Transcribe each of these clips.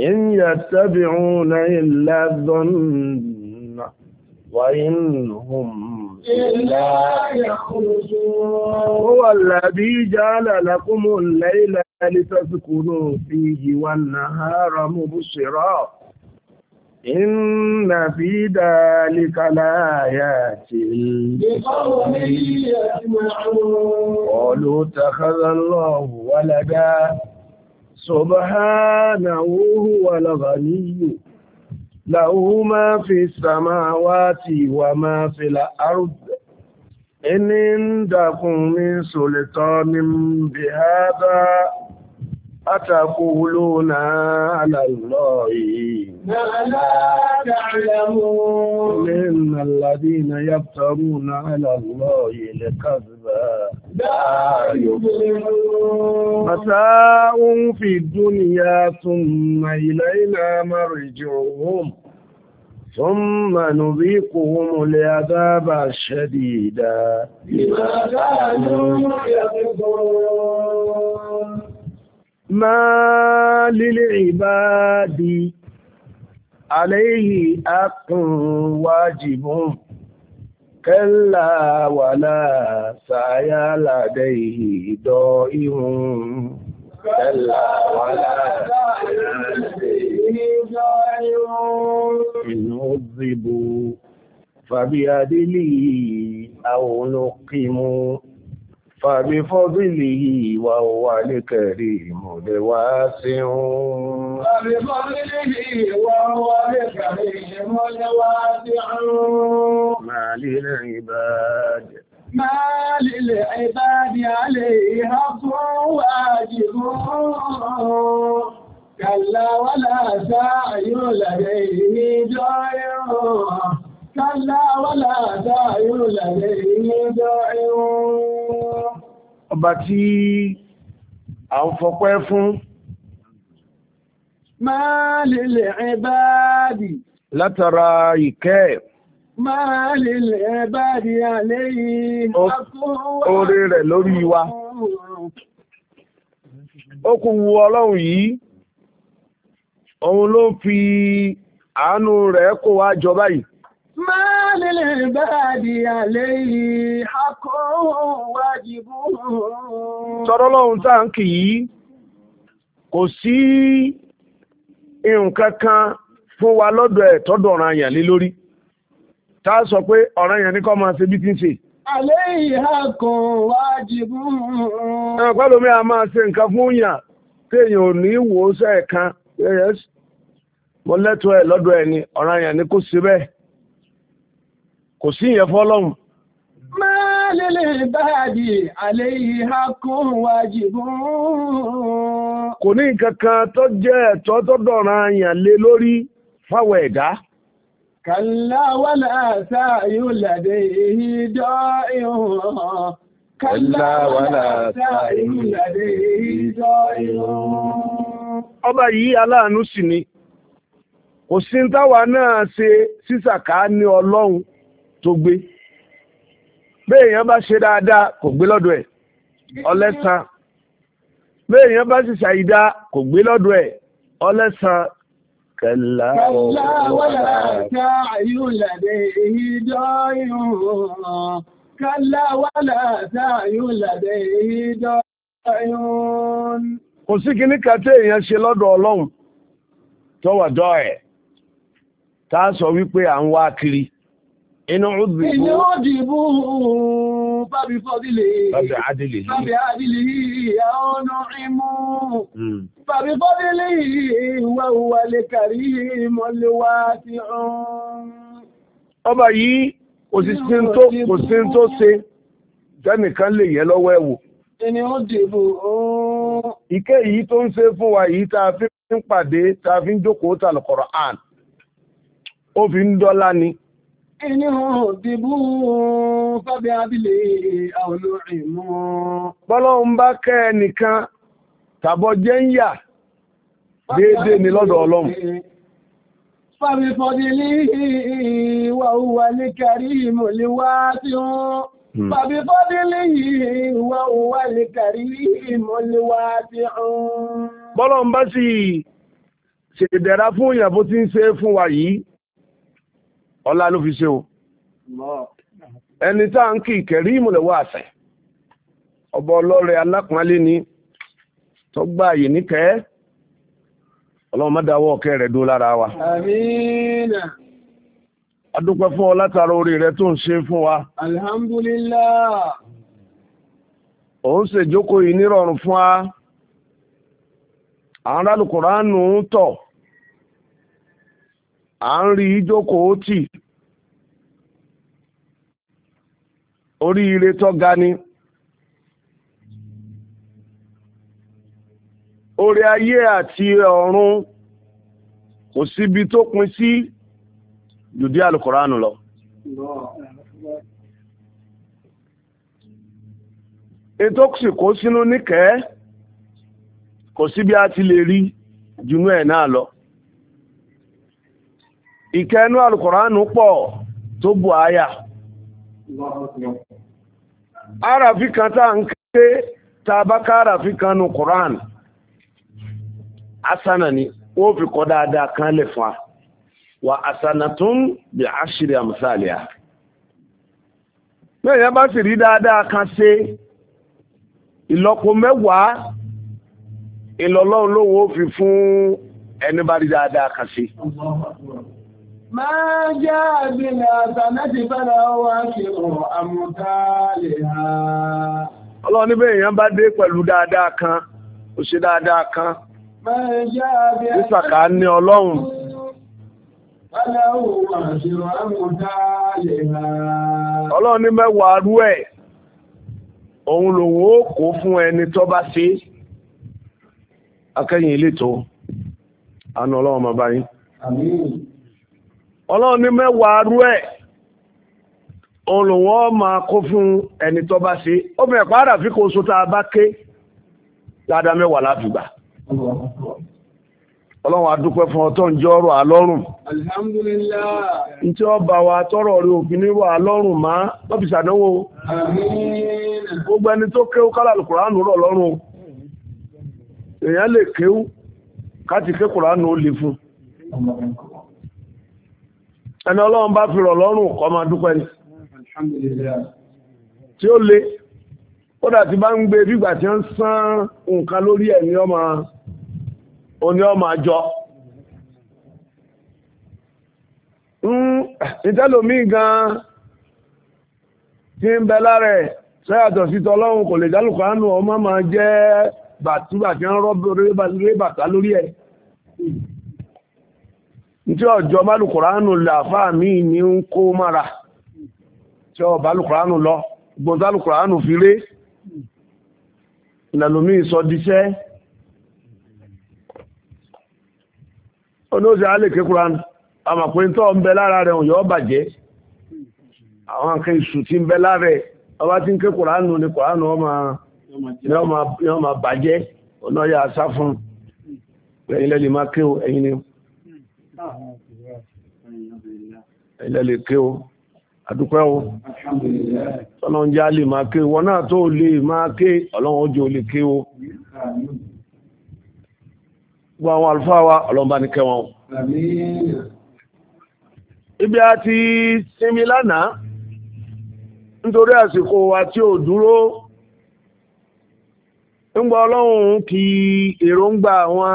إن يتبعون إلا الظن وإن هم إلا يخرجون هو الذي جعل لكم الليل لتسكنوا فيه والنهار مبصرا إن في ذلك لآيات لقوم يسمعون قالوا اتخذ الله ولدا سبحانه هو الغني له ما في السماوات وما في الأرض إن عندكم من سلطان بهذا أتقولون على الله ما لا تعلمون إن الذين يفترون على الله لكذبا لا يفلحون متاع في الدنيا ثم إلينا مرجعهم ثم نذيقهم العذاب الشديد بما كانوا يكفرون ما للعباد عليه حق واجب كلا ولا سعي لديه ضائع كلا ولا إن عذبوا فبعدلي أو نقموا fàbí fọ́bílì ìwà òwà ní kẹrì ìmọ̀lẹ̀ wá sí oòrùn. fàbí fọ́bílì ìwà òwà ní máa lílẹ̀ ìbájẹ̀. máa lílẹ̀ ìbájẹ̀ alẹ́ ìhà fún wájìbú. kàlá wàlá sáà yóò lẹ́rẹ̀ ìjọ́ yóò ọba tí a ń fọpẹ́ fún máa lè lè ẹbáàdì látara ìkẹ́ máa lè lè ẹbáàdì àléyìn oore rẹ̀ lórí wa ó ọlọ́run yìí òun ló fi àánú rẹ̀ kó wá jọ báyìí ما lọ́hun tá ń kì kò sí nǹkan kan fún wa lọ́dọ̀ ẹ̀ tọ́dọ̀ ọ̀ràn yàn lé lórí pe sọ pé ọ̀ràn yàn ní kọ́ máa ṣe bí ti ń ṣe. àlẹ́ ìhà kan a máa ṣe nǹkan fún yàn téèyàn ò ní wò ó sẹ́ẹ̀kan mo lẹ́tọ̀ọ́ ẹ̀ lọ́dọ̀ ẹ̀ ni ọ̀ràn kò sí ìyẹn fọ́lọ́run báàdì alẹ́ ìhà kún wájibun kò ní nǹkan kan tó jẹ́ ẹ̀tọ́ tó dọ̀ràn àyàn lé lórí fáwọn ẹ̀dá kàlá wàlá sáyò làdé èyí dọ́ ìhùn kàlá wàlá sáyò làdé èyí dọ́ ìhùn. ọba yìí aláàánú sì ni kò sí táwa náà ṣe sísàká ní ọlọ́run tó gbé bẹ́ẹ̀ èèyàn bá ṣe dáadáa kò gbé lọ́dọ̀ ẹ̀ ọlẹ́sàn èèyàn bá ṣàyídá kò gbé lọ́dọ̀ ẹ̀ ọlẹ́sàn kẹlá wàlá tá àyùlàdé ìdọ́ ìhùn kẹlá wàlá tá àyùlàdé ìdọ́ ìhùn. kò sí kinní kan tí èèyàn ṣe lọ́dọ̀ ọlọ́run tọ́wọ̀dọ́ ẹ̀ tá a sọ wípé à ń wá kiri. inú ọdìbò inú ọdìbò bábí fọ́dílé bábí adìlé bábí adìlé ọ̀nà imú hmm. bábí fọ́dílé ìwà òwà lè kàrí mọ́lẹ́wà ti ọ̀n ọba yìí kò sí sí tó ṣe tẹ́nìkan lè yẹ lọ́wọ́ ẹ̀wò inú ọdìbò ìkẹ́ yìí tó ń ṣe fún wa yìí tá fi ń pàdé tá fi ń jókòó tàlùkọ̀rọ̀ àn ó fi ń dọ́lá ni. Inú òdìbú fábẹ́ abílẹ̀ àwọn olórin mọ́. Bọ́lọ́hun bá kẹ́ ẹnìkan tàbọ̀ jẹ́ ń yà lè wá tí ó. Fábẹ́ fọdílé ìwà òwà lè kárí ìmọ̀lẹ́ wá tí ó. Hmm. Bọ́lọ́hun bá sì ṣèdẹ̀ra fún ìyàbó tí ń ṣe fún wa yìí. ọlá ló fi ṣe o ẹni tá à ń kí ìkẹ̀rí ìmùlẹ̀ wá àṣẹ ọba ọlọ́rẹ̀ alápọ̀nlé ni tó gbá àyè níkẹ́ ọlọ́run má dáwọ́ ọ̀kẹ́ rẹ̀ lára wa. àmín. a fún ọ látara orí rẹ tó ń ṣe fún wa. alhamdulillah. ò ń ṣèjókòó yìí nírọ̀rùn fún wa. àwọn ń tọ̀. à ń rí ìjókòó tì oríire tó ga ni orí ayé àti ọ̀run kò síbi tó pin sí jùdí alukọ̀ránù lọ. ètò sì kó sínú níkẹ́ kò síbi a ti lè rí jùnú ẹ̀ náà lọ. ìkẹ́nú alukọ̀ránù pọ̀ tó bù áyà àràfi kan tá ń ké tàbákà àràfi kan nù kọ̀ránù asana ni ó fi dáadáa kan lè fún wa wà asana tún bí aṣírí àmúsàlẹ̀ à mẹ́rin bá sì rí dáadáa kan ṣe ìlọ́po mẹ́wàá ìlọ́lọ́run lówó fi fún ẹni bá rí dáadáa kan ṣe ما جاء بالحسنة فله عشر أمثالها Ọlọ́run níbẹ̀ èèyàn bá pẹ̀lú dáadáa kan, o se daada kan. Ìsàkà ní Ọlọ́run. Ọlọ́run ní mẹ́wàá rú ẹ̀, òun lòun ó kó fún ẹni tó bá ṣe. Akẹ́yìn ilé tó, àna Ọlọ́run máa bá ọlọ́run ní mẹ́wàá rú ẹ̀ olùwọ́ máa kó fún ẹni tó bá ṣe ó fẹ́ fi kó so tá a bá ké mẹ́wàá láfìgbà ọlọ́run adúpẹ́ fún ọtọ́ ń jẹ́ ọ̀rọ̀ àlọ́rùn alhamdulillah tí bá wa tọrọ rí òfin wà lọ́fíìsì àdánwò gbogbo ẹni tó kéwú kálà lùkùránù rọ̀ lọ́rùn èèyàn lè ẹni ọlọ́run bá fi rọ̀ lọ́rùn kó máa dúpẹ́ ni tí ó le ó dà ti bá ń gbé fígbà tí ó ń sán nǹkan lórí ẹ̀ ní ọmọ oní ọmọ hmm, àjọ ìtẹ́lòmí gan tí ń bẹ lára ẹ̀ sẹ́yàtọ̀ sí tọ́lọ́run kò lè jálùkọ àánú ọmọ máa jẹ́ bàtúbà tí wọ́n rọ́ lórí ẹ̀ tí ọjọ́ bálùkùránù làfá mi ni ń kó mára tí ọ bálùkùránù lọ gbọ́n tálùkùránù fi ré ìlàlómí ìsọdíṣẹ́ olóòsì alékè kùránù àmàpín tó ń bẹ lára rẹ̀ òyọ́ bàjẹ́ àwọn akẹ́ ìṣù tí ń bẹ lára rẹ̀ ọba tí ń ké kùránù ni kùránù ọmọ bàjẹ́ ọ̀nà yà sá fún ẹ̀yìn lẹ́lẹ́ máa kéwò ẹ̀yìn ni ilẹ̀ lè ké o àdúpẹ́ o ọlọ́run jẹ́ alè máa ké wọn náà tó lè máa ké ọlọ́run ó jẹ́ olè ké o gbọ́ àwọn àlùfáà wa ọlọ́run bá ní kẹ́ ibi a ti sinmi lánàá nítorí àsìkò wa tí ò dúró ń gbọ́ ọlọ́run kí èròǹgbà àwọn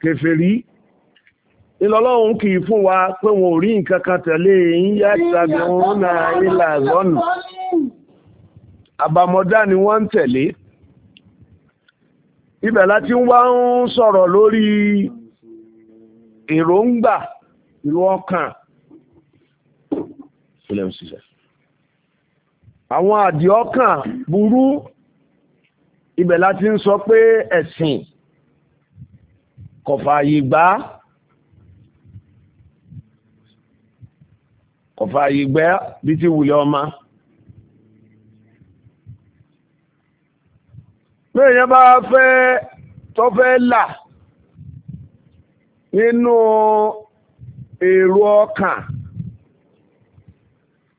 kèfèrí ìlọ́lọ́run kì í fún wa pé wọn ò rí nǹkan kan tẹ̀lé yín yá ìtàbí òun náà ilà lọ́nà àbàmọ́dá ni wọ́n ń tẹ̀lé ibẹ̀ láti wá ń sọ̀rọ̀ lórí èròǹgbà ìlú ọkàn àwọn àdìọ́kàn burú ibẹ̀ láti ń sọ pé ẹ̀sìn kò fààyè kò fààyè gbẹ́ bí ti wùlẹ̀ ọmọ lẹ́yìn bá fẹ́ tó fẹ́ là nínú èrò ọkàn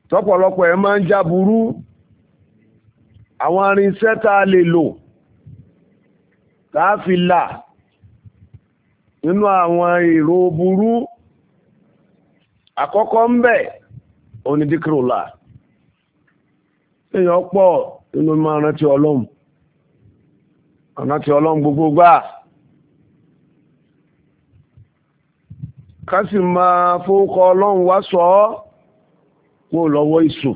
tọ́pọ̀lọpọ̀ ẹ̀ máa ń jáburú àwọn irinṣẹ́ tá lè lò tá là nínú àwọn èrò burú àkọ́kọ́ ń bẹ onídíkìrùlà èèyàn pọ̀ nínú máa rántí ọlọrun. rántí ọlọrun gbogbo ká sì máa fowókọ ọlọ́run wá sọ ọ́ kó lọ́wọ́ ìṣù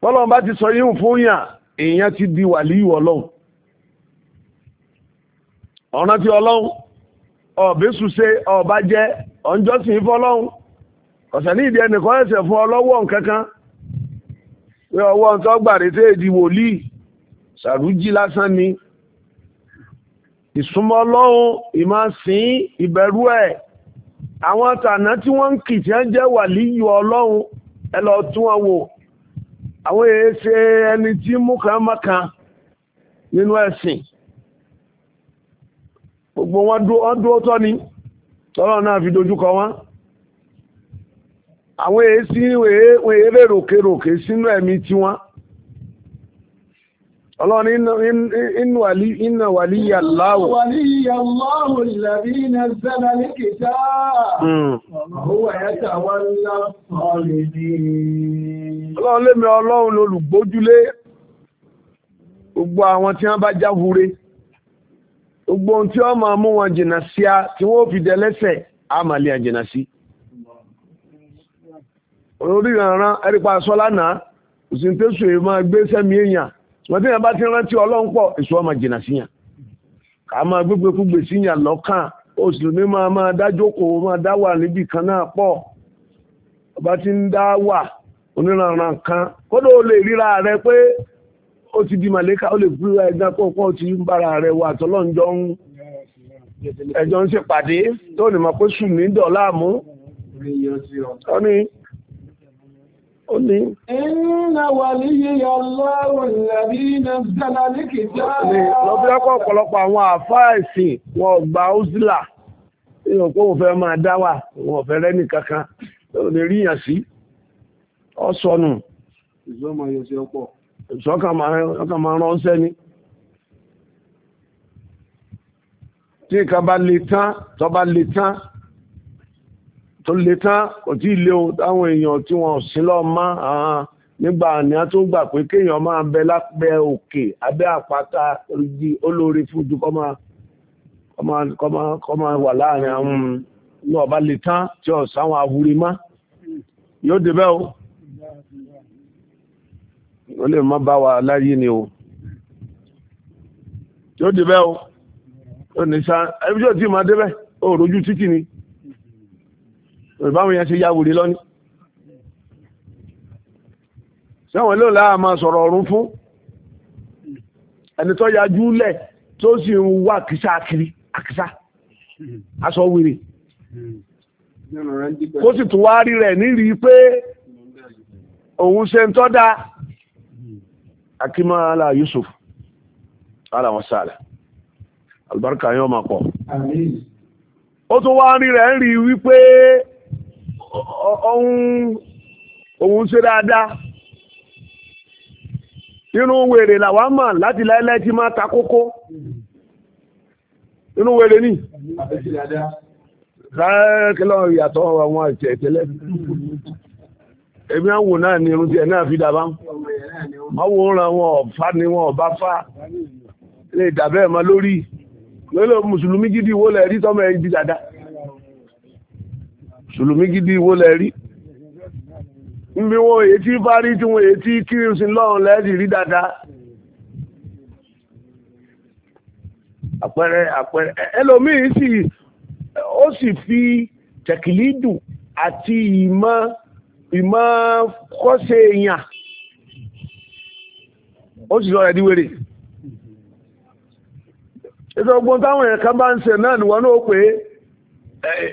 bọ́lọ́run bá ti sọ yíhùn fún yàn èèyàn ti di wàlíì ọlọ́run ọ̀rántí ọlọ́run ọ̀bẹ́sùsẹ́ ọ̀bá jẹ́ ọjọ́ sì fọ́lọ́hún ọ̀sẹ̀ ní ìdí ẹnìkan ẹ̀sẹ̀ fún ọlọ́wọ́ nkankan pé ọwọ́ ń tọ́ gbàrí tẹ́ èdè wòlíì sàrújí lásán ni ìsúnmọ́ ọlọ́run ìmọ̀sìn ìbẹ̀rù ẹ̀ àwọn tànà tí wọ́n ń kì tí wọ́n jẹ́ wàlíyù ọlọ́run ẹ lọ tún wọn wò àwọn èyí ṣe ẹni tí mú kan mọ́kan nínú ẹ̀sìn gbogbo wọn dúró tọ́ ni tọ́lọ́ náà fi dojúkọ wọn àwọn èsì wọ́n eré ròkèròkè sínú ẹ̀mí tiwọn ọlọ́run inú wàlí iná wàlí yàláwò wàlí yàláwò ìlàrí iná zẹ́nà ní kìtà hmm. ọwọ́ ẹ̀yẹ́ta wọ́n ńlá ọ̀rẹ́ ní ọlọ́run lèmi ọlọ́run lolùgbójúlé gbogbo àwọn tí wọ́n bá jáwúre gbogbo ohun ọ ma máa mú a tí wọ́n fi dẹ́lẹ́sẹ̀ á máa lé orí ìrànràn ẹ̀rípa aṣọ lánàá òsìntẹ́sù gbé sẹ́mi èèyàn tí yẹn bá ti rántí ọlọ́run pọ̀ èso ọmọ jìnnà sí yàn ká máa gbégbé kúgbè sí yàn òsìlùmí máa máa dájókòó máa dá wà níbì ó ti di màlẹ́kà ó lè búra ẹ̀dá pọ̀pọ̀ tí ń bára rẹ̀ wà tọ́lọ́njọ́ ń ẹjọ́ ń ṣèpàdé tó ní mọ̀ pé sùn ní dọ̀láàmú. ó ní ó ní. iná wà ní yíyọ lọ́wọ́ ìlàbí iná dáná ní kìjá. lọ́bílẹ́kọ̀ ọ̀pọ̀lọpọ̀ àwọn àáfàá ẹ̀sìn wọn gba ozila ìyàn pé òun fẹ́ máa dá wà wọn fẹ́ rẹ́ kankan ò lè ríyàn sí ọ̀sọ̀nù. ìjọba ṣọ́kàn máa ránṣẹ́ ni tí nǹkan bá le tán tó bá le tán tó le tán kò tí ì lé o táwọn èèyàn tí wọn ò sí lọ mọ́ àwọn nígbà àná tó gbà pé kéèyàn máa bẹ lábẹ́ òkè abẹ́ àpáta di olórí fújú kọ́ máa kọ́ máa wà láàrin àwọn ní ọba le tán tí ọ̀sán àwọn àwúrí má yóò débẹ̀ o ó lè má bá wa láyé ni o yóò débẹ̀ o ó ní sá ẹbí tí ò tí ì máa débẹ̀ ó rojú títì ni ìbáwọn yẹn ṣe yáwòrè lọ́ní sẹ́wọ̀n ló láà máa sọ̀rọ̀ ọ̀run fún ẹni tó yajú lẹ̀ tó sì ń wá àkísà kiri àkísà aṣọ wèrè kó sì tún wá rí rẹ̀ nírí pé òun ṣe ń tọ́ da akímọ́ ala yusuf ala wọn albarka yóò máa pọ̀ ó tún wá rí rẹ̀ ń rí wípé òun ṣe dáadáa inú wèrè làwọn mọ̀ láti láíláí tí máa ta kókó inú wèrè ní kẹ́kẹ́lọ́ ìyàtọ̀ àwọn ìtẹ̀ẹ̀tẹ̀lẹ́ èmi àwọn náà ni irun tí ẹ̀ náà fi dàbá ń pọ̀ wọ́n wo ran wọn ọ̀fà ni wọn ọba fá lè dàbẹ́ ẹ̀mọ́ lórí lórí mùsùlùmí gidi wo lẹ̀ rí tọ́mọ ẹ̀yìn dídàdá mùsùlùmí gidi wo lẹ̀ rí níbi wọn èyí tí bá rí tí wọn èyí tí kiri sí lọ́run lẹ́ẹ̀dì rí dáadáa àpẹẹrẹ àpẹẹrẹ ẹlòmíì sì ó sì fi tẹ̀kìlídù àti ìmọ̀ ìmọ̀ kọ́sẹ̀ èèyàn ó sì sọ̀rọ̀ ẹ̀díwèrè ètò ọgbọ́n táwọn ẹ̀ka bá ń ṣe náà nìwọ́n náà pé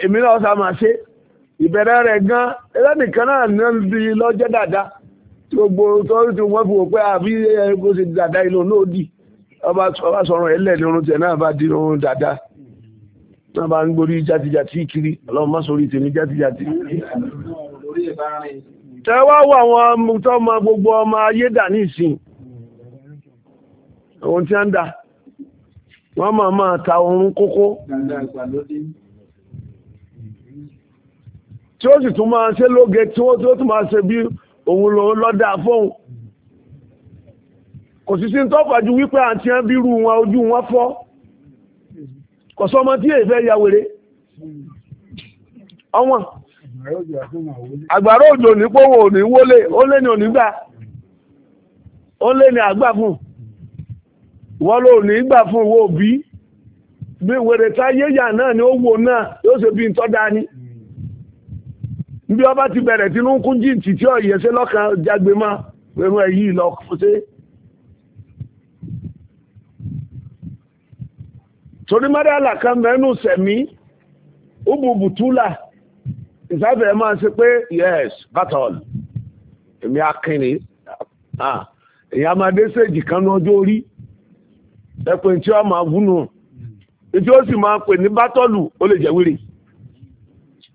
èmi náà sá máa ṣe ìbẹ̀rẹ̀ rẹ̀ gan ẹlẹ́nìkan náà ní bí lọ́jọ́ dáadáa tí gbogbo tọ́rí tí wọ́n fi wò pé àbí ẹ̀kọ́ ṣe dáadáa ìlú náà dì ọba sọ̀rọ̀ ẹlẹ́ ní orun tẹ̀ náà bá di orun dáadáa náà bá ń gborí játijàti kiri ọlọ́run má sórí tèmi játijàti. tẹ́wọ́ wọ àwọn tó ọmọ gbogbo ọmọ ayé dà ní ìsìn àwọn tí a ń da wọ́n máa máa ta oorun kókó tí ó sì tún máa ṣe lóge tí ó tún máa ṣe bí òun lòun lọ́dà fóun kò sí sí ń ju wípé bírú wọn ojú wọn fọ́ kò tí èyí fẹ́ ya wèrè ọwọ́n àgbàrá òjò ní pọ́wọ́ òní wọlé ó lé ní onígbà ó lé ní àgbà wọ́n ló ní gbà fún owó òbí bí wèrè yà náà ni ó wò náà yóò ṣe bí bí ọba ti bẹ̀rẹ̀ tí ń kún jíǹtì tí ọ̀yẹ́ ṣe lọ́kàn jágbe mọ́ pẹ̀lú ẹ̀yí lọ ṣe. torí mẹ́rẹ́lá kan mẹ́nu sẹ̀mí ìsáfẹ́ a ah, kan ní ẹ̀pẹ̀ tí wọ́n máa gúnnu tí ó sì máa pè ní bátọ́lù ó lè jẹ́ wèrè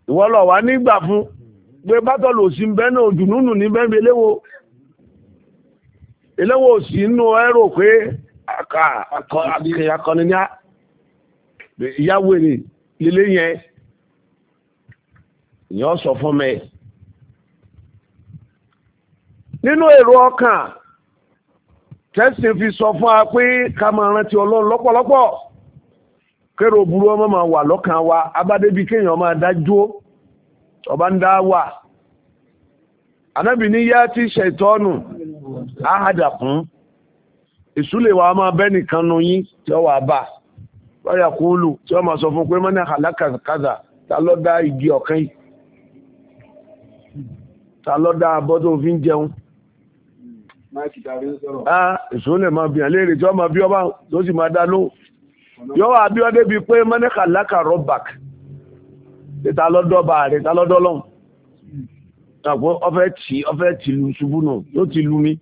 ìwọ lọ wá nígbà fún pé bátọ́lù ò sí ń bẹ́ẹ̀ náà dùnúnù ní bẹ́ẹ̀ eléwo eléwo ò sí nínú ẹ̀rọ pé akọni ní ìyáwó èrè lílé yẹn ìyẹn sọ fún mi nínú èrò ọkàn tẹ́sí fi sọ fún wa pé ká máa rántí ọlọ́run lọ́pọ̀lọpọ̀ kérò burú ọmọ máa wà lọ́kàn wa abádébí kéèyàn máa dájú ọba ń dá wà anábì ní yá tí ṣètọ́nù áhàdà fún ìsúlẹ̀ wa máa bẹ́ nìkan nu yín tí ó wà bá lọ́yà kúlù tí ó máa sọ fún pé mọ́nà àlákàkàdà ta ló dá ìdí ọ̀kan yìí ta ló dá abọ́ tó fi jẹun Ah, èso lè máa bìyàn léèrè tí máa bí ọba tó sì máa dáná yọ wà bí ọdẹ bíi pé mẹ́nìkà lákà rọ́bàk níta lọ́dọ́ lu ṣubú ti lu mi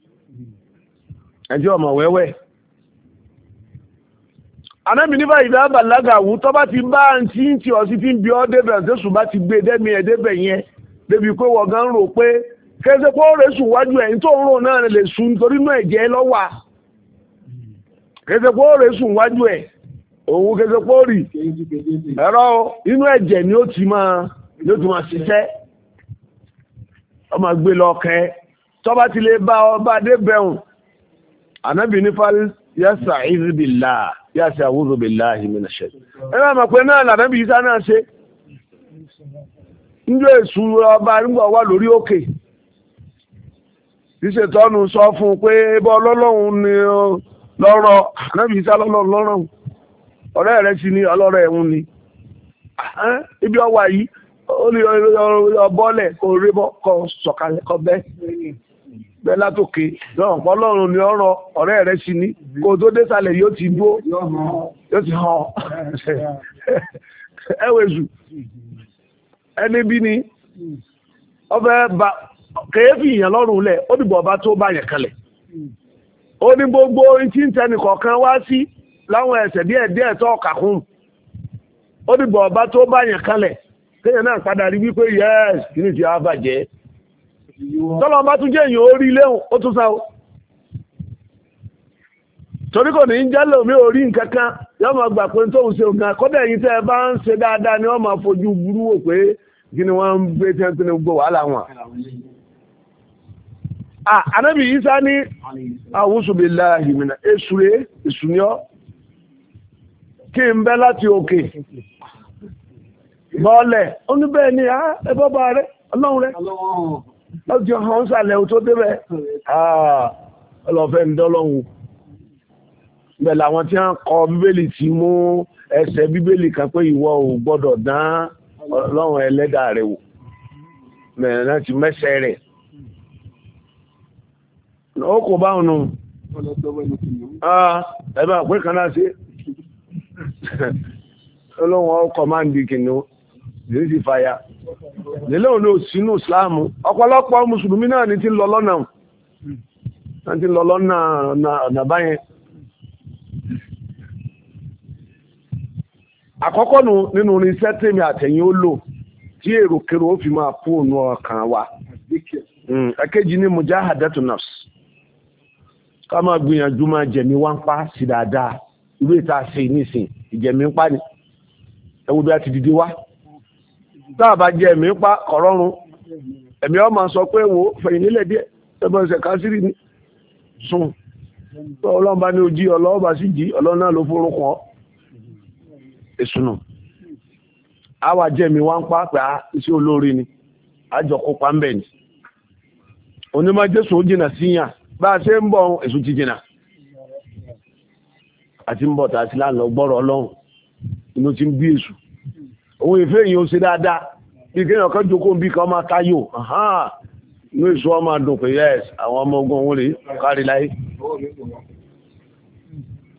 ẹjọ́ ọmọ wẹ́wẹ́ anábì nípa ìdá bàlágà wù bá ti bá àǹtí ń ti ń bí ti gbé dẹ́mi ẹ̀ débẹ̀ kẹsẹ̀ pọ́ nwaju sùn wájú ẹ̀yìn tó ń rò náà lè sùn nítorí náà ẹ̀jẹ̀ lọ́wà nwaju pọ́ owu sùn wájú ẹ̀ òun kẹsẹ̀ pọ́ rì ẹ̀rọ inú ẹ̀jẹ̀ ni ó ti máa ni ó ti máa ṣiṣẹ́ ọmọ gbé lọ kẹ tọ́ba ti lè bá ọba adébẹ̀hùn ànábì nípa yasa ìzìbìlà yasa àwùzọ̀bìlà ìmìnàṣẹ́ ẹ̀rọ àmọ̀ pé náà làdábì yìí sá náà ṣe ń jẹ́ ọba nígbà wà lórí ìṣètọ́nu sọ fún un pé bọ́ lọ́lọ́run ni lọ́rọ̀ ànábì Ìsá lọ́lọ́run lọ́rọ̀ ọ̀rẹ́ rẹ̀ sì ni ọlọ́rọ̀ ẹ̀hún ni ibi ọwà yìí ó ní ọbọ̀lẹ̀ kò rí bọ́ kọ sọ̀kalẹ̀ kọ bẹ́ẹ̀ bẹ́ẹ̀ látòkè náà ọlọ́run ni ọ̀rọ̀ ọ̀rẹ́ rẹ̀ sì ni kò tó dé sàlẹ̀ yóò ti dúó yóò ti hàn ẹ̀wẹ̀zù ẹni bí ni ọbẹ̀ bá kèéfì èèyàn lọ́rùn lẹ̀ ó dìbò ọba tó bá yẹn kalẹ̀ ó ní gbogbo tí ń tẹnì kọ̀ọ̀kan wá sí láwọn ẹsẹ̀ díẹ̀ díẹ̀ tó ọba tó bá yẹn kalẹ̀ kéèyàn náà padà rí wípé yẹ́s kí ni ti á bàjẹ́ tọ́lọ́ tún jẹ́ torí kò ní í jálè omi orí nǹkan kan yóò máa gbà pé tóun ṣe nǹkan kódà ẹ̀yin tẹ́ ẹ bá ń ṣe dáadáa ni Ah, anábì isa ní àwùsùbìláhì mìíràn èsùré ìsúnyọ́ kí n bẹ́ láti òkè bọ́ọ̀lẹ̀ ó ní bẹ́ẹ̀ ni ah, ẹbọ́ bá rẹ ọlọ́run rẹ láti ọ̀hán sàlẹ̀ tó débẹ̀ ah, ọlọ́fẹ́ ń dọ́lọ́hun bẹ́ẹ̀ làwọn tí wọ́n kọ bíbélì ti mú ẹsẹ̀ bíbélì kan pé ìwọ ò gbọ́dọ̀ dán ọlọ́run ẹlẹ́dàá rẹ wò mẹ́rin láti mẹ́sẹ̀ rẹ̀ ó kò bá ọnụ ẹ̀bá pé kan náà sí ọlọ́wọ́n ọkọ̀ máa ń di kìnnú lèyí sì fàyà lèlé òun ló sínú ìsìláàmù ọ̀pọ̀lọpọ̀ ti lọ na náà ti na lọ́nà ọ̀nà báyẹn àkọ́kọ́ nù nínú irinṣẹ́ tèmi àtẹ̀yìn èrò fi ọkàn wa hmm, ni mujahadatu ká máa gbìyànjú máa jẹ̀mí wá ń pa sí dáadáa irú ìta sí nísìn ìjẹ̀mí ń pa ni a ti dìde wá tá jẹ ẹ̀mí ń pa ọ̀rọ̀run ẹ̀mí ọmọ sọ pé wo fẹ̀yìn nílẹ̀ díẹ̀ ẹgbọ́n ṣe ni sùn ní ojí sì jí ọlọ́run náà ló forúkọ àwa jẹ̀mí wá ń pa pé ah, a ni ń bẹ̀ ni onímọ̀ jésù bá a ṣe ń bọ̀ èṣù ti jìnà àti ń bọ̀ tà sí láàlọ́ gbọ́rọ̀ ọlọ́run inú ti ń bí èṣù òun ìfẹ́ èyàn ó ṣe dáadáa bí kéèyàn kan jókòó bí kan máa táyò inú èṣù ọmọ àdùn pé yẹ́s àwọn ọmọ ogun òun rèé kárí láyé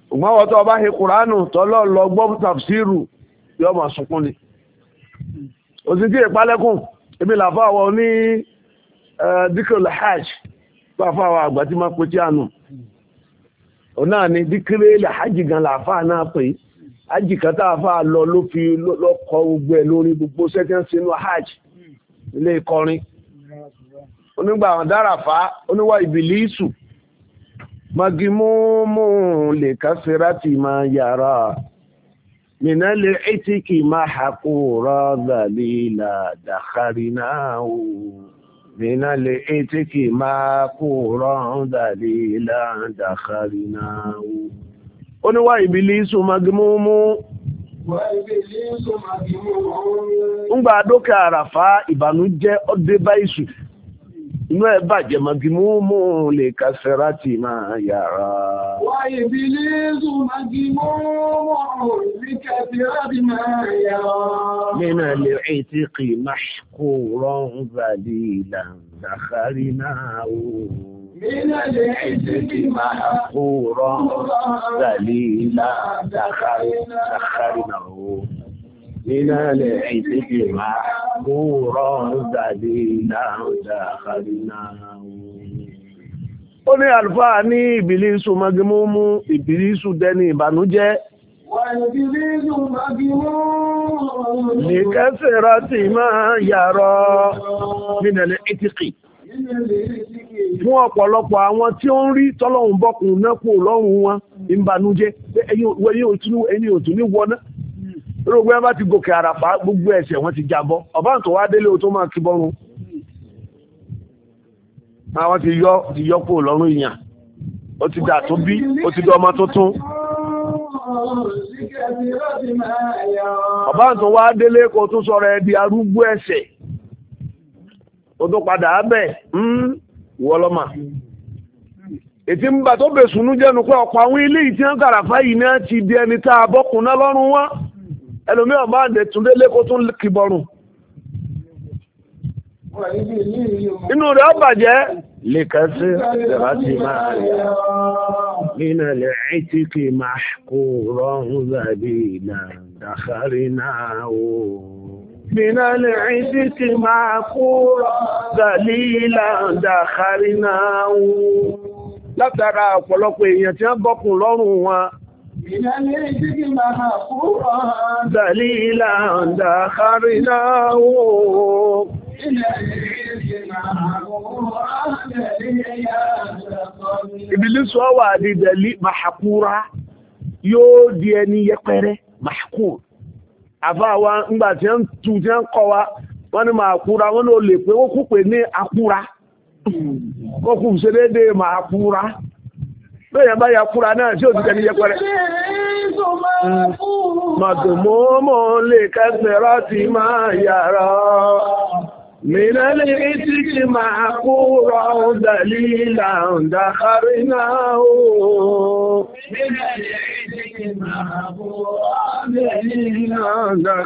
ṣùgbọ́n wọ́n tó ọba ṣe kùránù tọ́lọ́ lọ gbọ́ tàfsírù yọ máa sunkún ni òsì tí ìpalẹ́kùn ebi làfà wọ ní eh, díkòlù hajj fáfá wa àgbà tí máa pe Ọ àánú ọ̀nà ni díkíré ilẹ̀ hajj gan làáfà náà pé hajj kátà àfà lọ ló fi lọ́kọ gbogbo ẹ̀ lórí gbogbo sẹ́tẹ́ sínú hajj ilé ìkọrin onígbà àwọn Magi lè máa yàrá lè kì máa rọ́ọ̀dà بنا لقيتك ما قران دليلا دخلناه قل وإبليس مجموم وإبليس مجموم ń gba àdókè àràfá ìbànújẹ́ ọdẹ bá ìṣù inú ẹ bàjẹ́ magi mú mú lè ka sẹ́ra tì máa yàrá. wá ìbílísù magi mú mú lè ka sẹ́ra tì máa yàrá. nínú ilé ètí kì í máa kó rán gbàdí ìlànà dàkárí náà o. nínú ilé ètí kì í máa kó rán gbàdí ìlànà dàkárí náà o nílẹ̀ ìdíje máa kó rọrùn jáde dáadáa kárí náà. ó ní àlùfáà ní ìbílísù magimúmú ìbílísù dẹni ìbànújẹ́. Nìkẹ́sẹ̀rọ̀ ti máa yàrọ̀ nínẹ̀lẹ̀ ìtìkì. Fún ọ̀pọ̀lọpọ̀ àwọn tí ó ń rí tọ́lọ́hun bọ́kùn náà kú lọ́rùn wọn, ìbànújẹ́, ẹ̀yin òtún ní wọná. gbogbo ẹ bá ti gòkè àràpá gbogbo ese wọn ti jábọ́ ọba tó wá délé o tó máa kí bọ́run àwọn ti yọ ti yọ kó ìyàn ó ti dà tó bí ó ti dọ́mọ tuntun ọba tó wá délé kó tó ẹ di arúgbó ẹsẹ̀ ó tó padà bẹ̀ hmm, wọ́ ètí ń jẹ́nu pé ọ̀pọ̀ àwọn ilé ìtí di ẹni tá a lọ́rùn ẹlòmí ọ̀bá àdè túndé lẹ́kọ́ tún kìbọrùn inú rẹ̀ ọ̀bàjẹ́ lè kẹsí ìrántí máa nínú ilẹ̀ ẹ̀tí kì máa kó rọrùn zàbí ìlà dàkárí náà o من العزك معقورا ذليلا دخلناه látara ọ̀pọ̀lọpọ̀ èèyàn tí wọ́n bọ́kùn lọ́rùn wọn Dàlílà ọ̀dà kárínàwó. Ìbìlísù ọwà di dàlí Mahakura yóò di ẹni yẹpẹrẹ Mahakur. Àfáwa ńgbà tí ń tu tí ń kọ wa, wọ́n ni Mahakura, wọ́n ni ó lè pé ó kú Akura. bẹ́ẹ̀ bá ya kúra náà tí ó ti tẹ́lẹ̀ yẹpẹrẹ. màdùmọ́mọ́ lè kẹsẹ̀ láti máa yàrá mìíràn lè rí tí kí máa kú rọ ọ̀dàlí làǹdà kárí náà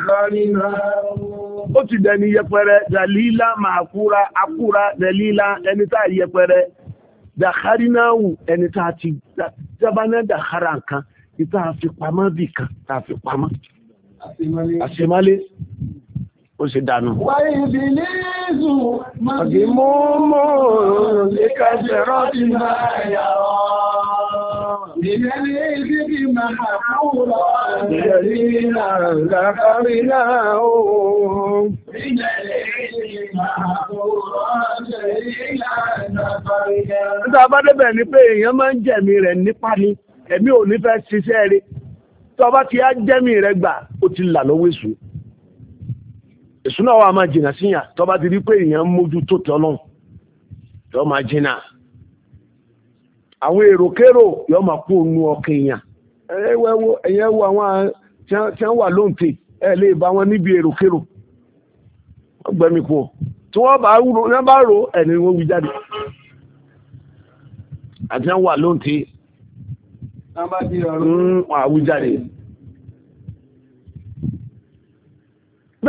kárí náà ó ó ti dẹni yẹpẹrẹ dalila màkúra akúra dalila ẹni tá yẹpẹrẹ dàkárí náà wù ẹni tá a ti dábàá náà dàkárà nǹkan ìta àfipamọ́ bì kan àṣemálé ó sì dànù. wáyé ibi ní ìzù màdì mú mú ní kẹsẹ̀ rọ́bì máa yà ọ́. Ìyẹn ní ibi máa kúrò. Ìyẹn ní náà lákàrí náà ó. Ìyẹn ní ibi máa kúrò. Nígbà bá débẹ̀ ni pé èèyàn máa ń jẹ̀mí rẹ̀ nípa ni, ẹ̀mí ò ní fẹ́ ṣiṣẹ́ rí. Tọ́ ti á jẹ́mí rẹ̀ gbà, ó ti là lówó èṣù. ìsúná wa máa jìnà síyàn tó bá ti rí pé èèyàn mójú tó tẹ ọlọ́run máa jìnà àwọn èròkérò yọ máa kú ònu ọkàn èèyàn ẹ̀yẹ wo àwọn tí wọ́n wà lóǹtẹ̀ ẹ̀ lè bá wọn níbi èròkérò kérò wọ́n tí wọ́n bá rò ẹni wọ́n wí jáde àti wọ́n wà lóǹtẹ̀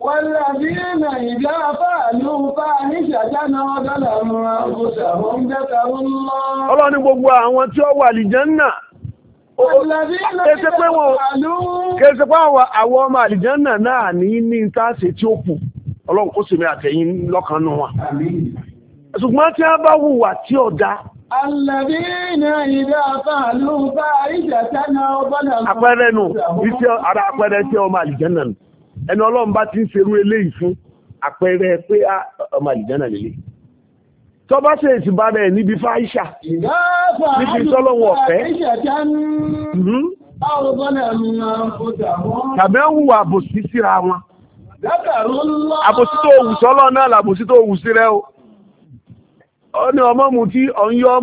والذين إذا فعلوا فاحشة أو ظلموا أنفسهم ذكروا الله Ọlọ́run ní gbogbo àwọn tí ó wà àlìjánà Kéèsè pé wọn kéèsè pé àwọn ọmọ àlìjánà náà ní ní ìtàṣe tí ó kù, Ọlọ́run kó sì mẹ́ àtẹ̀yìn lọ́kànnú wọn. Ṣùgbọ́n tí a bá hùwà tí ó dá. Àlàbínà ìdá fàálù bá ìjẹ̀tẹ́ Àpẹẹrẹ nù, ara àpẹẹrẹ tí ọmọ àlìjánà nù. ẹni ọlọ́run bá ti ń ṣerú eléyìí fún àpẹẹrẹ pé ah, ọmọ àlìjánà lélẹ̀ tó bá ṣe ìsìnbá rẹ̀ níbi fáìṣà níbi sọ́lọ́wọ́ ọ̀fẹ́ hmm? tàbí ń hùwà àbòsí síra wọn àbòsí tó hù sọ́lọ́ náà làbòsí tó sí rẹ o ó ní ọmọ mu tí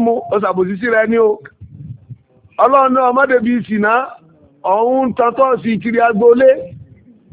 mu rẹ o ọlọ́run náà ọmọdébí tọ́tọ́ sí kiri agboolé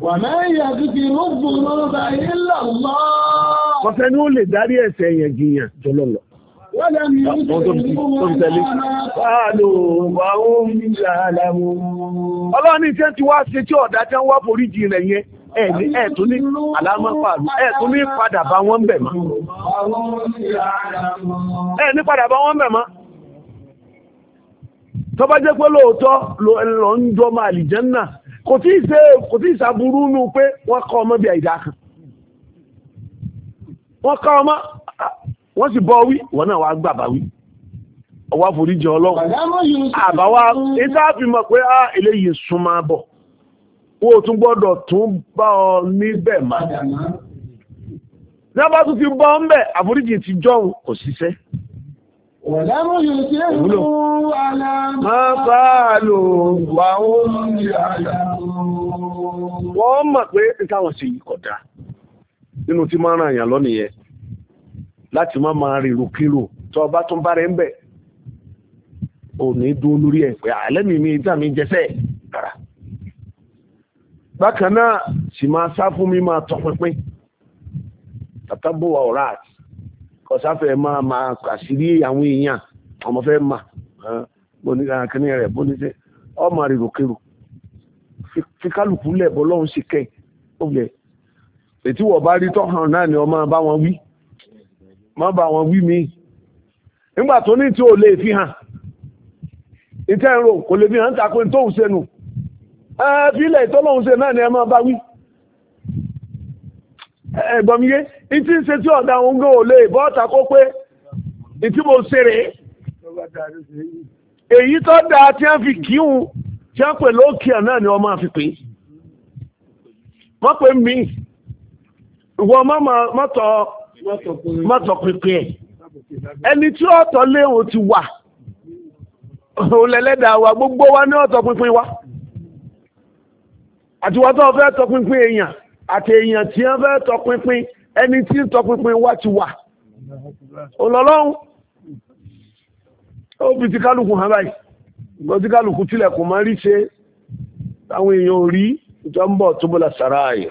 Wàmẹ́ ìyàtú ti rúbù lọ́ba ilẹ̀ lọ́. Kọ́sẹ́ ó lè dárí ẹ̀sẹ̀ yẹn jiyàn jọlọ lọ. Wọ́n lè mi ní ti ṣe jì rẹ̀ yẹn. ní àlámọ́ bá wọ́n bẹ̀ mọ́. padà bá wọ́n bẹ̀ mọ́ jẹ́ pé lóòótọ́ lọ kò tí ì ṣe kò pé wọ́n kọ́ ọmọ bí àìdá kan wọ́n kọ́ ọmọ wọ́n sì bọ́ wí wọ́n náà wá gbàbá wí ọwá foríjì ọlọ́run àbáwá ìtààfì mọ̀ pé á ah, eléyìí súnmọ́ bọ̀ ó tún gbọ́dọ̀ tún bá ọ níbẹ̀ má ní abá tún ti bọ́ ń bẹ̀ àforíjì ti jọun kò ṣiṣẹ́ Wọ̀lámú yìí tí ó wúlò. Máa fàálò wà ó ń rí àyà. Wọ́n mọ̀ pé ìtàwọn sí ìkọ̀dá nínú tí máa ràn àyàn lọ́nìyẹn láti má máa rìn rúkírò tó ọba tó ń bá rẹ̀ ń bẹ̀. Ò ní dúró lórí ẹ̀ pé àlẹ́mì mi ìdá jẹsẹ̀ rárá. Bákan náà sì máa sá fún mi máa tọpinpin. Tàtàbọ̀ ọ̀rá àti ọ̀sáfẹ́ máa máa àṣírí àwọn èèyàn ọmọ fẹ́ mà bóníkàkínní rẹ̀ bóníṣẹ́ ọmọ àrèròkèrò fi kálukú lẹ̀ bọ́ lọ́hún ṣe kẹ́ ọ̀gbẹ́ ètí wọ́n bá rí tọ́hàn náà ni ọmọ bá wọn wí má bá wọn wí mí nígbà tó ní tí ò lè fi hàn ìtẹ́ ìrò kò lè fi hàn takò tóun ṣe ẹ fi ìtọ́lọ́hún ṣe náà ni ẹ máa bá wí. ẹ̀gbọ́mìyé ìtí ń ṣe tí ọ̀dà òun bọ́ọ̀tà kó pé ìtí mo ṣe èyí tó dáa tí a fi kíhun tí wọ́n pè lókè náà ni wọ́n máa wọ́n ẹni tí ọ̀tọ̀ ti wà wa gbogbo wa ní ọ̀tọ̀ pínpín wa àtiwọ́tọ̀ àti èèyàn tí wọ́n fẹ́ tọpinpin ẹni tí ń tọpinpin wá ti wà ọlọ́lọ́hún ó fi ti kálukú hàn báyìí ìgbọ́n tí kálukú tilẹ̀kùn máa rí ṣe táwọn èèyàn ò rí ìjọ ń bọ̀ tó bọ́lá sàrá ààyè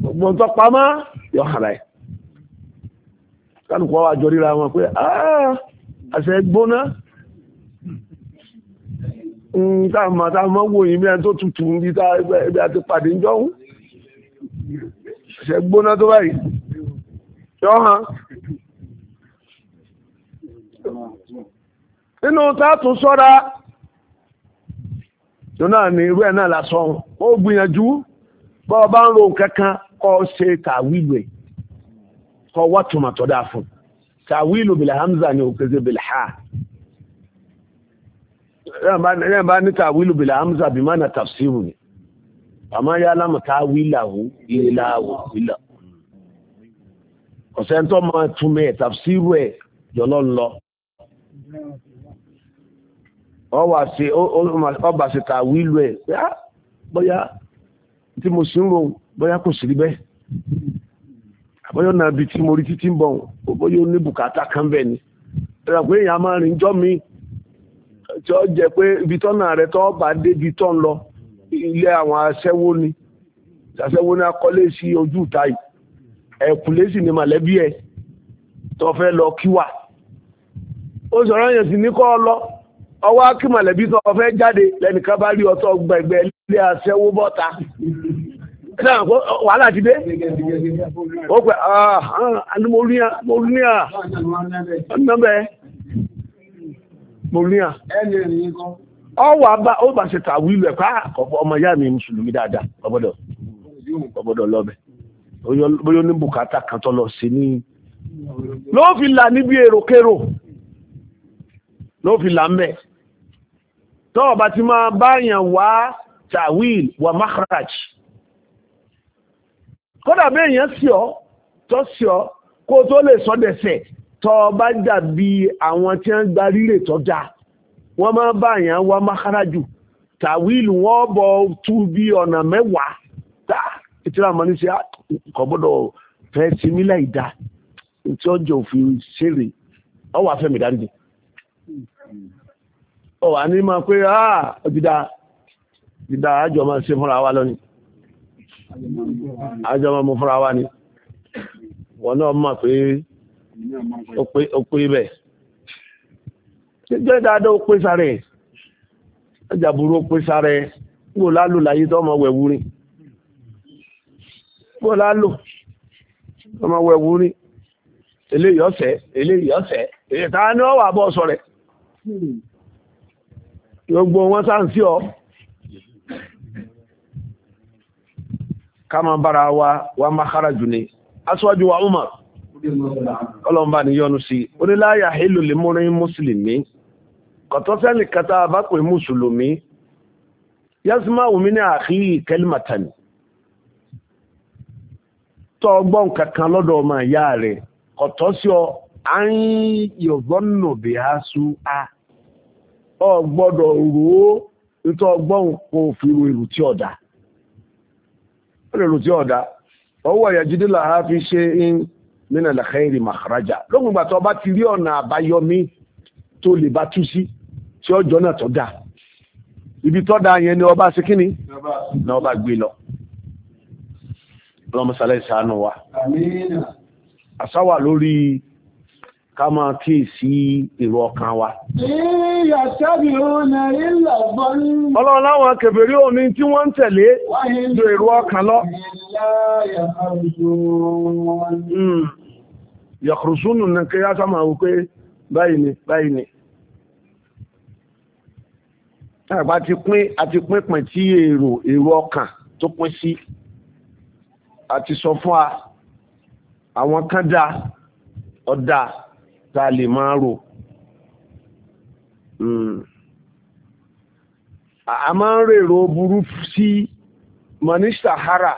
gbogbo tó pamọ́ yọ hàn báyìí kálukú wa jọ ríra wọn pé àṣẹ gbóná táàmà mm, táàmà wò yìí mẹ́rin tó tutù ní ibi àti pàdé jọun ṣe gbóná tó báyìí yọ hàn nínú tààtù sọ́ra tó náà ní irú ẹ̀ náà lásán ó gbìyànjú bọ́ bá ń ro kankan kọ́ ṣe tàwílù ẹ̀ kọ́ wọ́tùmọ̀ tọ́dá fún tàwílù bìlà hamza ni òkèzè bìlà ha náà bá ní tàwílù hamza na tafsiru ni àmọ́ yá lámù táwílàwó ìlàwó ìlà ọ̀sẹ̀ tó máa tafsiru ẹ̀ jọlọ́ lọ ọba sí tàwílù ẹ̀ bóyá tí mo sì ro kò sí rí bẹ́ẹ̀ na náà bí mo rí títí ń kan ni èèyàn mi tí ó jẹ pé ibi tọ́nà rẹ̀ tó bá débi tọ́n lọ ilé àwọn aṣẹ́wó ni aṣẹ́wó ni akọ́lé sí ojú ìta yìí ẹ̀kùnlé sì ni màlẹ́bí ẹ̀ tó fẹ́ lọ kí wà ó sọ̀rọ̀ yẹn sì ní kọ́ ọ lọ ọwọ́ kí mọ̀lẹ́bí tó fẹ́ jáde lẹ́nìkan bá rí ọtọ́ gbẹ̀gbẹ̀ ilé aṣẹ́wó bọ́ta wàhálà ti dé ó pẹ́ àà àà mo rí à ah, nọ́mbẹ́ mọ̀míà ọwọ́ àbá ó bá ṣe tàwí ilẹ̀ pa ah, ọmọ ìyá mi mùsùlùmí dáadáa ọgbọ́dọ̀ ọgbọ́dọ̀ lọ́bẹ̀ bóyá ní bùkátà kan tọ́ lọ sí ní ló fi là níbi èròkérò ló fi là ń bẹ̀ tó ọba ti máa báyàn wá tàwíl wà makaraj kódà bẹ́ẹ̀ yẹn sí ọ tó sí ọ kó tó lè sọ́dẹ̀sẹ̀ tọ́ bá dàbí àwọn tí ń gba rírè tó dáa wọ́n máa bá àyàn wá mákàrájù tàwíìlù wọ́n bọ̀ tú bí ọ̀nà mẹ́wàá tá ìtura ní ṣe ah, fẹ́ sinmi láì dá tí ó òfin ṣeré ọ wà fẹ́mi dáríjì ọ wà ní máa pé jìdá ah, jìdá àjọ máa wa lónìí àjọ máa mú wa ni wọn náà pé. ó pé bẹ́ẹ̀ jẹ́ dáadáa ó pé sára ẹ̀ ọjà burú ó pé sára ẹ̀ gbò lálò láyé tó ọmọ wẹ̀wú rí gbò lálò ọmọ wẹ̀wú rí eléyìí ọ̀sẹ̀ eléyìí ọ̀sẹ̀ èyí tá a ní ọ̀wà bọ́ sọ rẹ̀ gbogbo wọn sáà ń sí ọ ká máa bára wa wa máa kára jù ní aṣáájú wa Umar ọlọ́mbà ni yọnu sí oníláyà hìlù lè múrin mùsùlùmí kọ̀tọ́sẹ́nì kata abápẹ́ mùsùlùmí yasma omi ní àkíyí kẹlìmàtàní tọ́ ọgbọ́n kankan lọ́dọ̀ ọmọ ìyá rẹ̀ kọ̀tọ́sí ọ àyín yọ̀gbọ́nù bí a sú a ọ gbọ́dọ̀ rò ó nítorí ọgbọ́n kò fi èrò tí ọ̀dà ó lè rò tí ọ̀dà ọwọ́ ìyàjídìlà á fi ṣe ń nínú al-khairi makhraja lókun ìgbà tó bá ti rí ọ̀nà àbáyọmí tó lè bá tú sí tí ọjọ́ náà tó dáa ibi tó dáa yẹn ni ọba ṣe kíni ni ọba gbé lọ ọlọ́mọsálẹ̀ wa àmín àsáwà lórí ká máa kí sí èrò ọkàn wa. ọlọ́run láwọn kèfèrí omi tí wọ́n ń tẹ̀lé ju èrò ọkàn lọ. Hmm. yàkùrùsùnù ní kí á sáà máa wù pé báyìí ni báyìí ni. àgbà ti pín àti pín tí èrò èrò ọkàn tó pín sí àti sọ fún wa àwọn kan dá ọ̀dà tá a lè máa rò hmm. a máa ń rèrò burú sí manista hara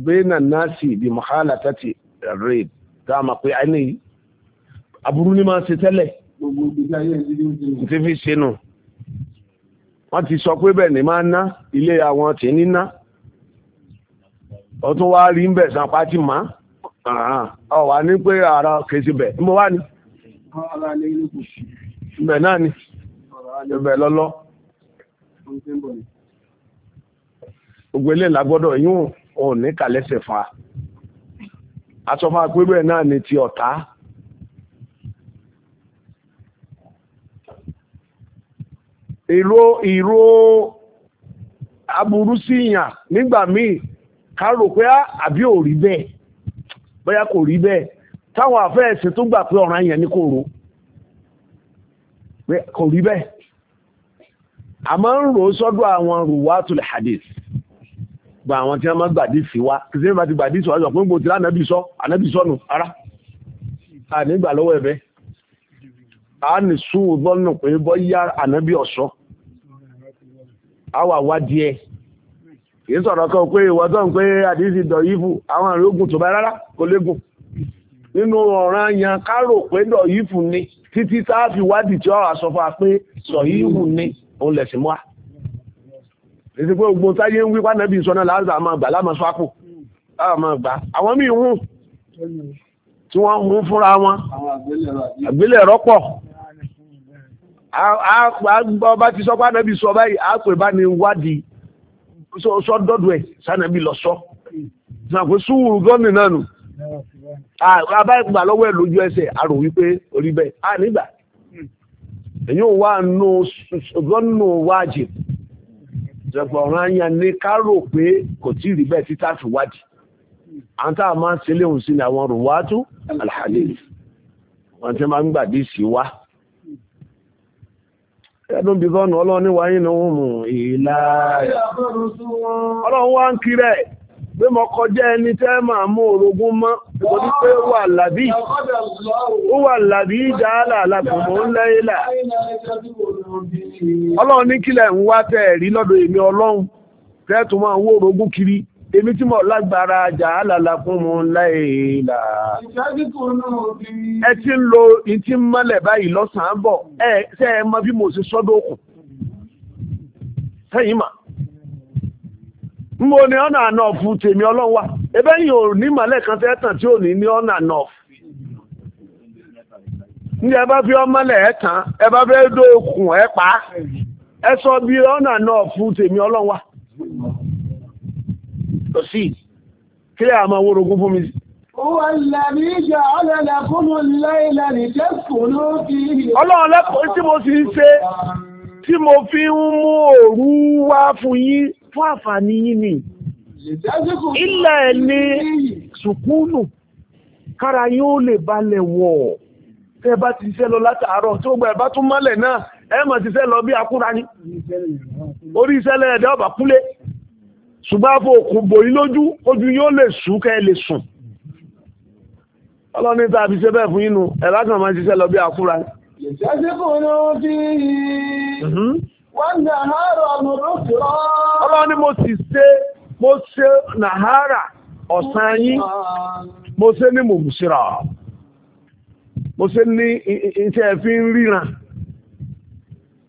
bẹ́ẹ̀nà nasi bi mahala tati rẹ̀ tá a máa pé àìní aburú ní máa ṣe tẹ́lẹ̀ tí fi ṣe nù wọ́n ti sọ pé bẹ́ẹ̀ ni máa ná ilé àwọn tí ní ná ọtún wá rí ń bẹ̀ sanpá ti máa ọ̀wà ní pé ara kèsì bẹ̀ ń bọ́ wá ní. ibẹ̀ náà ni gbọ́dọ̀ ní kàlẹ́sẹ̀ fa pé náà ni ti ọ̀tá ìró aburú nígbà míì ká rò pé àbí ò táwọn àfẹ́ẹ̀sì tó gbà pé ọ̀ràn yẹn ní kò rò pé kò rí bẹ́ẹ̀ a máa ń rò sọ́dọ̀ àwọn ruwatul hadith gba àwọn tí wọ́n máa gbàdí sí wa kìí sẹ́yìn bá ti gbàdí sọ pé gbòtí lánàbì sọ ànàbì sọnù ara ànígbà lọ́wọ́ ẹ̀bẹ́ a ní sún lọ́nà pé bọ́yá ànàbì ọ̀sọ́ a wà wá díẹ̀ kìí sọ̀rọ̀ kan pé ìwọ́tọ̀ pé àdìsí dọ̀ àwọn àrógùn tó bá rárá kò légùn nínú ọ̀ràn yan kárò pé dọ̀yífù ni títí táàfi wádìí tí ọ̀rọ̀ àsọfà pé sọ̀yíhù ni òun lẹ̀sìn mọ́ èsì pé gbogbo táyé ń wí pánàbí ìsọ̀nà láàrín àmà àgbà láàmà sọ́pù àmà àgbà àwọn míì hùn tí wọ́n mú fúnra wọn àgbélẹ̀ rọ́pọ̀ bá ti sọ pánàbí sọ báyìí àpè bá ní wádìí sọ́dọ̀dọ̀ ẹ̀ sánàbí lọ sọ sàpè súwùrù gọ́ọ̀nì náà nù abáyẹ̀gbà ah, lọ́wọ́ ẹ̀ lójú ẹsẹ̀ arò wípé orí bẹ́ẹ̀ á nígbà èyí ò wá nù ọgọ́nù wájì ìjọba ọ̀ràn yẹn ní ká rò pé kò tí ì rí bẹ́ẹ̀ títà fi wádìí àwọn tá a máa ń ṣe léhùn sí ni àwọn rùwátú alhadith wọn ti máa ń gbàdí sí wa ẹ̀dùn bí gọ́nù ọlọ́ọ̀ni wáyé ni wọ́n mú ìlà ọlọ́run wá ń kiri ẹ̀ pé mo kọjá ẹni tẹ́ máa mú orogún mọ́ nítorí pé ó wà làbí ó wà làbí ìdáàlà alákùnmọ́ ńlẹ́yìnlá ọlọ́run ní kílẹ̀ ń wá ẹ̀rí lọ́dọ̀ èmi ọlọ́run kiri èmi tí mo lágbára jàálà ẹ ti ń lo ìtí mọ́lẹ̀ báyìí lọ́sàn-án bọ̀ mọ bí mo ṣe sọ́dọ̀ òkun sẹ́yìn mo ni ọ̀nà àná fún tèmi ebe yìí ò ní kan tẹ́ tàn tí ò ní ní ọ̀nà àná ní ẹ fi ọmọlẹ̀ ẹ tàn ẹ fẹ́ dó okùn ẹ pa ẹ sọ bí ọ̀nà àná fún tèmi ọlọ́run wa sí kílẹ̀ àmọ́ fún mi. Ọlọ́run fi ń ṣe mo fi ń mú òru wá fún fún àǹfààní yín ni ilẹ̀ ní sùkúnù kára yín ó lè balẹ̀ wọ̀ tẹ́ bá ti ṣiṣẹ́ lọ látàárọ̀ tó gbà bá tún mọ́lẹ̀ náà ẹ mọ̀ ti ṣiṣẹ́ lọ bí akúra ni orí iṣẹ́ lẹ́yẹ̀dẹ́ ọ̀bà kúlé ṣùgbọ́n àfọ òkun bòyí lójú ojú yóò lè sùn kẹ́ lè sùn ọlọ́ni tá a fi ṣe bẹ́ẹ̀ fún yín nu ẹ̀ látàn máa ṣiṣẹ́ lọ bí akúra ni. ìṣàṣẹ́kùn náà fi Ọlọ́run ni mo sì ṣe, mo ṣe nàhárà ọ̀sán yín, mo ṣe ní mùsùlá, mo ṣe ní iṣẹ́ fi ń ríran,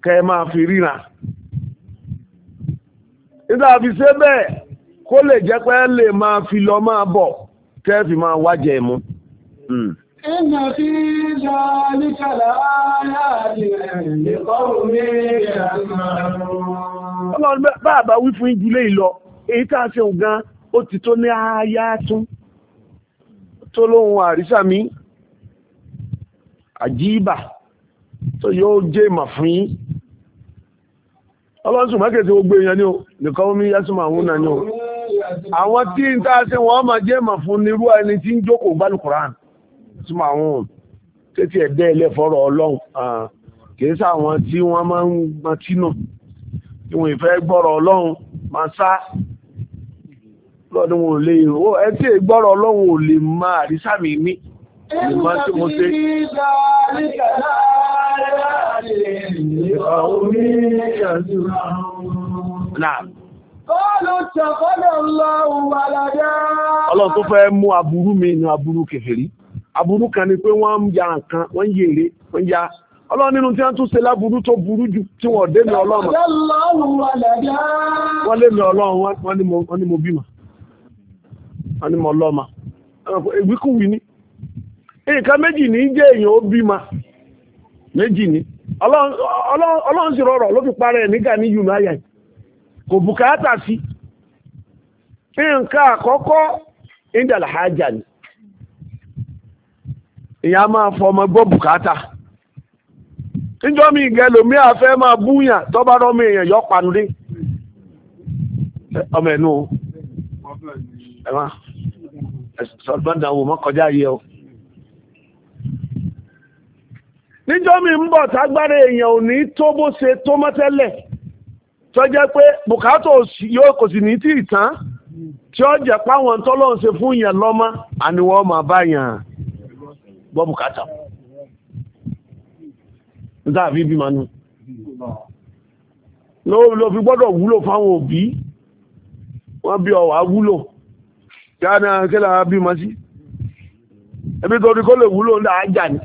kẹ máa fi ríran. Nígbà fi ṣe bẹ́ẹ̀, kó lè jẹ́ pé lè máa fi lọ máa bọ̀, kẹ́ fi máa wájẹ̀ mú. إن fi jọ لآيات لقوم bàbá wí fún ìdílé ìlọ, èyí tàà ṣe ògán, ó ti tó ní ààyá tún. Tó lóhun àrísàmí, àjíbà, tó yóò jẹ́ ìmà fún yín. Ọlọ́run sùn tí ó gbé ya ní o, nìkan omi yásùmọ̀ àwọn náà ní o. Àwọn tí ń tàà wọ́n máa jẹ́ ìmà fún nírú ẹni tí ń jókòó súnmọ́ àwọn tètè ẹ̀dẹ́ ẹlẹ́fọ́rọ̀ ọlọ́run kìí sáwọn tí wọ́n máa ń gbọ́ntí nù tí wọ́n ìfẹ́ gbọ́rọ̀ ọlọ́run máa sá lọ́dún wọn ò lè ó ẹ gbọ́rọ̀ ọlọ́run ò lè máa àrísà mi ní lè máa tí mo ṣe. Ọlọ́run tó fẹ́ mú aburú mi ní aburú kèfèrí. aburú kan ni pé wọ́n ń ya nǹkan wọ́n ń yèrè wọ́n ń ya ọlọ́run nínú tí wọ́n tún ṣe láburú tó burú jù tí wọ́n dé mi ọlọ́run wọ́n lé mi ọlọ́run wọ́n ní mo bímọ wọ́n ní mo lọ́mọ ni nǹkan méjì ní jẹ́ èèyàn ó bímọ méjì ni ọlọ́run sì rọrọ̀ ló fi parẹ́ nígbà ní yìí kò bùkátà sí nǹkan àkọ́kọ́ èèyàn máa fọmọ gbọ́ bùkátà níjọ́ mi ìgẹ́ lòmí àfẹ́ máa búyàn tó bá rọ́mọ èèyàn yọ panudé ọmọ ẹ̀nu ẹ̀wọ̀n sọ̀gbọ́n mọ́ kọjá yẹ ọ níjọ́ mi ń bọ̀ tágbára èèyàn ò ní pé bùkátà yóò kò sì ní tí ì tán tí ó jẹ́ páwọn ṣe fún yẹn lọ́mọ bá yàn án. gbọ́ bùkátà níta fi bí manú ló fi gbọ́dọ̀ wúlò fáwọn òbí wọ́n bí ọwà wúlò kí a náà kí lára bí ma sí ẹbí tó rí kó lè wúlò ní àájà ní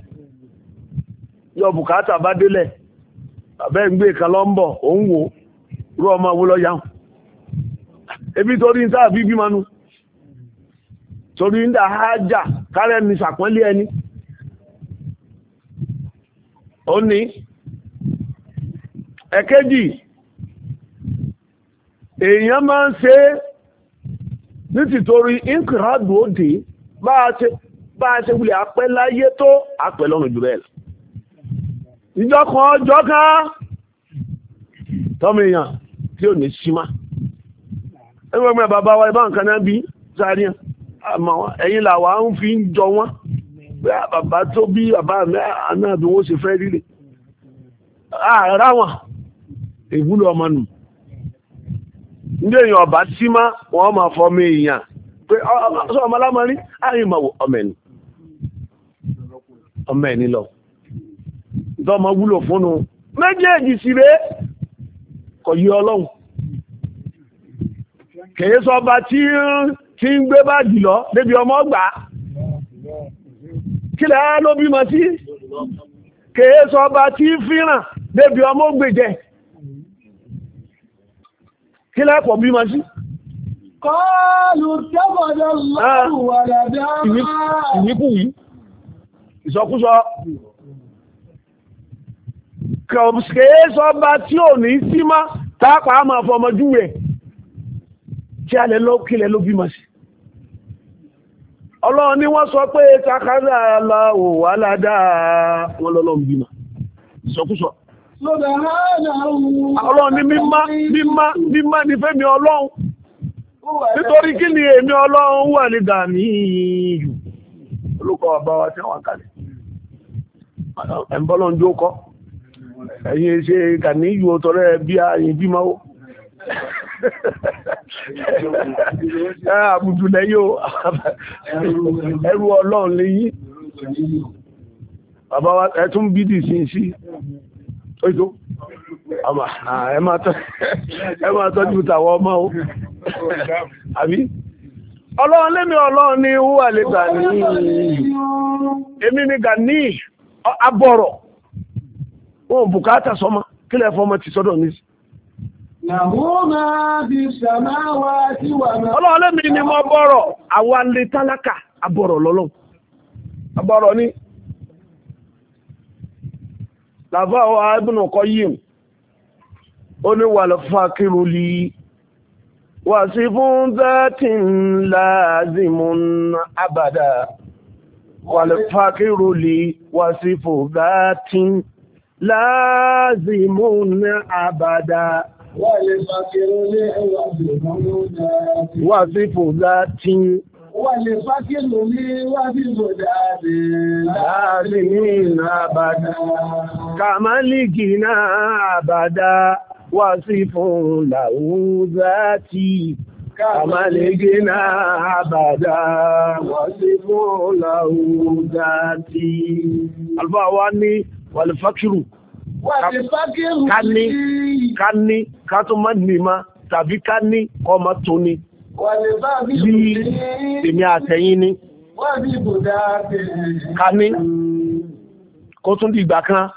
yọ bùkátà bá délẹ̀ àbẹ́ ń gbé kan lọ́mbọ̀ òun wò rú ọmọ wúlọ yáhùn ẹbí tó rí níta fi bí manú torí ń dà kárẹ́ ni sàpọ́nlé ẹni ó ní ẹ̀kẹ́jì èèyàn máa ń ṣe ní tìtorí inkiradu òde bá a ṣe wulẹ̀ apẹ́ láyé tó apẹ́ lọ́rùn jù bẹ́ẹ̀ ìjọ kan ọjọ́ ká tọ́mọ èèyàn tí ò ní símá ẹgbẹ́gbẹ́ bàbá wa ibá bí sáré ẹ̀yìn làwà ń fi ń jọ wọ́n pé ah, bàbá tó bí bàbá mi náà bí wọ́n ṣe fẹ́ rílẹ̀ ààrá wọn ìwúlò ọmọ nù ndé èèyàn ọba tí má wọn máa fọmọ èèyàn pé ah, ah, sọ ọmọ alámarí àyìn máa wò ọmọ ẹni ọmọ ẹni lọ dọ́mọ wúlò fúnnu méjèèjì sì rèé kò yí ọlọ́run kèé sọ ọba tí ń gbé báàgì lọ débi ọmọ gbà á kílẹ̀ á ló bímọ sí kèé sọ ọba tí fíràn débi ọmọ gbèjẹ kílẹ̀ pọ̀ bímọ sí. kọ́ọ̀lù tẹ́bọ̀dọ̀ ah. lọ́rùn wà dáadáa. ìyíkù yìí ìsọkúsọ kèé sọ ọba tí ò ní sí mọ́ tápàá máa fọmọ júwe kí alẹ́ ló kílẹ̀ ló bímọ sí. ọlọ́run ni wọ́n sọ pé takada aláwò wà ládáa wọn lọ́lọ́run bímọ sọkúsọ ọlọ́run ni mímá mímá mímá ni fẹ́mi ọlọ́run nítorí kí ni èmi ọlọ́run wà ní gàmí yìí olùkọ́ ọba wa tí wọ́n kalẹ̀ ẹ̀mbọ́lọ́n jó kọ́ ẹ̀yin ṣe gàmí yìí ó tọrẹ bí i bímọ Ah, àbùdùlẹ̀ yóò ẹrú ọlọ́run léyìn bàbá wa ẹ̀tún bídì sí sí ojú ẹ máa tọ́jú ọmọ o àbí ọlọ́run ọlọ́run ní lè gbà ní èmi ni wọn bùkátà sọmọ kílẹ̀ fọmọ ti sọ́dọ̀ Ọlọ́run lẹ́mí ni mo bọ́rọ̀, àwa lè tálákà, abọ́rọ̀ lọ́lọ́run. Abọ́rọ̀ ni. Làfá ọ Ibn Qayyim, ó ní wà lọ fún akírò lè. Wà sí fún zẹ́tì láàzìmún àbàdà. Wà lọ fún akírò lè, wà sí fún zẹ́tì láàzìmún àbàdà. Wà sí fòdá tí ń. Wà lè fákìlò ní wà sí fòdá tí láàrin ní ìnà àbádá. Kàmálìkì náà àbádá wà sí fòdá òúzá tí. Kàmálìkì náà àbádá wà sí fòdá òúzá tí. Alfa ní wà lè fákìlò ká ní ká ní ká tún má ní ma tàbí ká ní kọ́ ma tó ní bí èmi àtẹ̀yìn ní ká ní kó tún di ìgbà kan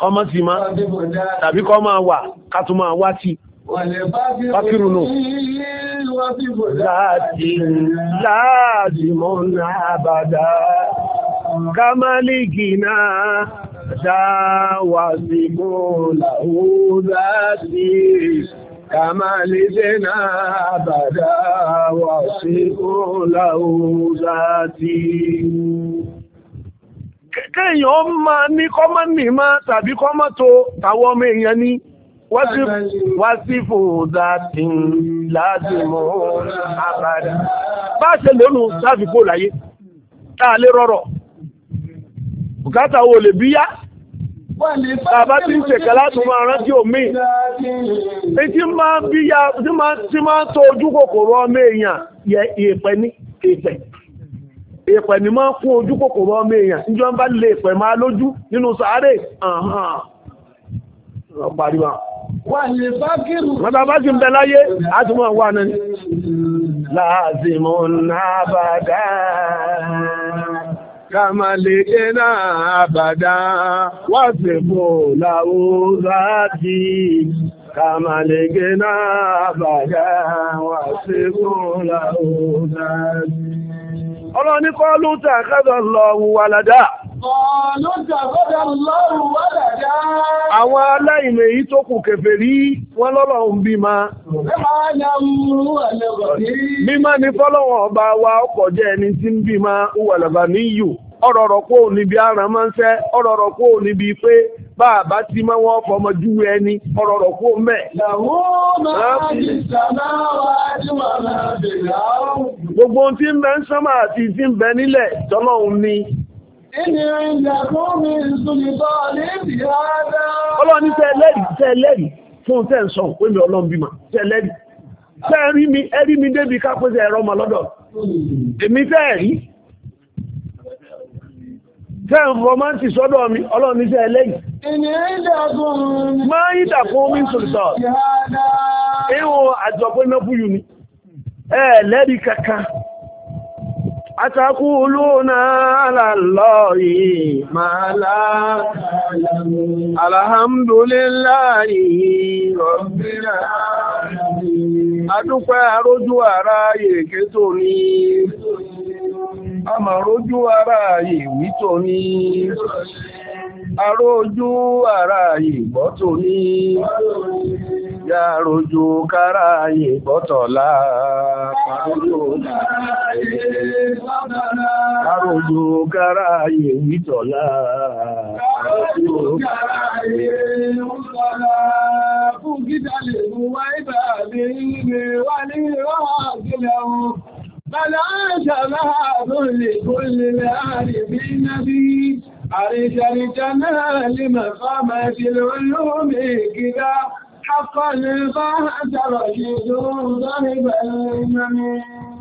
kọ́ mọ́ sí ma tàbí kọ́ máa wà ká tún máa wá sí Fákírù nù. Láti láti mọ́ náà bàdá, ká lè gìnà شاوزموا له ذاتي كما لدنا أبدا وصفوا له ذاتي kéèyàn ó máa ní kọ́mọ́ nì máa tàbí kọ́mọ́ tó tàwọn ọmọ èèyàn ní wásífò dáàtì láàdìmọ̀ àbádà bá ṣe lónù sáàfipò láyé táà lè rọrọ̀ bùkátà wo lè bíyá bàbá tí ń ṣèkà láti máa rántí omi tí máa ń bíyá tí máa ń tó ojú kòkòrò ọmọ èèyàn yẹ ìpẹ́ ní ìpẹ́ ìpẹ̀ ni máa kún ojú kòkòrò ọmọ èèyàn níjọ́ ń bá lè ìpẹ̀ máa lójú nínú sàárè àhàn ọ̀pàdìwà bá ti ń bẹ láyé átùmọ̀ wà náà láàzìmọ̀ náà bàdá kàmàlìdínà àbàdá wàsìkò làwúrátì kàmàlìdínà àbàdá wàsìkò làwúrátì. ọlọ́ni kọ́ ló tà kẹ́dọ̀ lọ wàlàdá Àwọn aláìmẹ̀ yìí tó kù kẹfẹ̀ rí wọ́n lọ́lọ́run bí ma. Mímá ni fọ́lọ́wọ̀n ọba wa ọkọ̀ jẹ́ ẹni tí ń bí ma, wà lọ́bà ní ọ̀rọ̀rọ̀ kó o níbi ara ń ọ̀rọ̀rọ̀ kó o níbi pé bá a bá ti máa wọ́n fọmọ júwe ẹni ọ̀rọ̀rọ̀ kó o mẹ́. gbogbo ohun tí ń bẹ ń àti ń bẹ ni. ọlọ́ni fún ń pé mi ọlọ́run bímọ mi mi débi ká pèsè ẹ̀rọ ọmọ lọ́dọ̀ èmi rí kẹ́ ń sọ́dọ̀ mi ọlọ́run ní sí ẹlẹ́yìn máa ń yídà fún mi sòrìtọ̀ ihò àjọpẹ́ mẹ́fúyù ẹ lẹ́rí kankan atakú olóòna alàlọ́rí màálá alhamdulillahi rabbil adúpẹ́ arójú àmàrójú ara ààyè wí tòní àrójú ara ààyè gbọ́ tòní yàrójú kára ààyè gbọ́ kára ààyè wí tọ̀la àrójú kára ààyè wí tọ̀la fún gídà mú wáyé bàbí ní àgbélẹ̀ بل جمال لكل العارفين به عرش الجمال مقامة العلوم كذا حقا البحث رشيد ضرب الأمم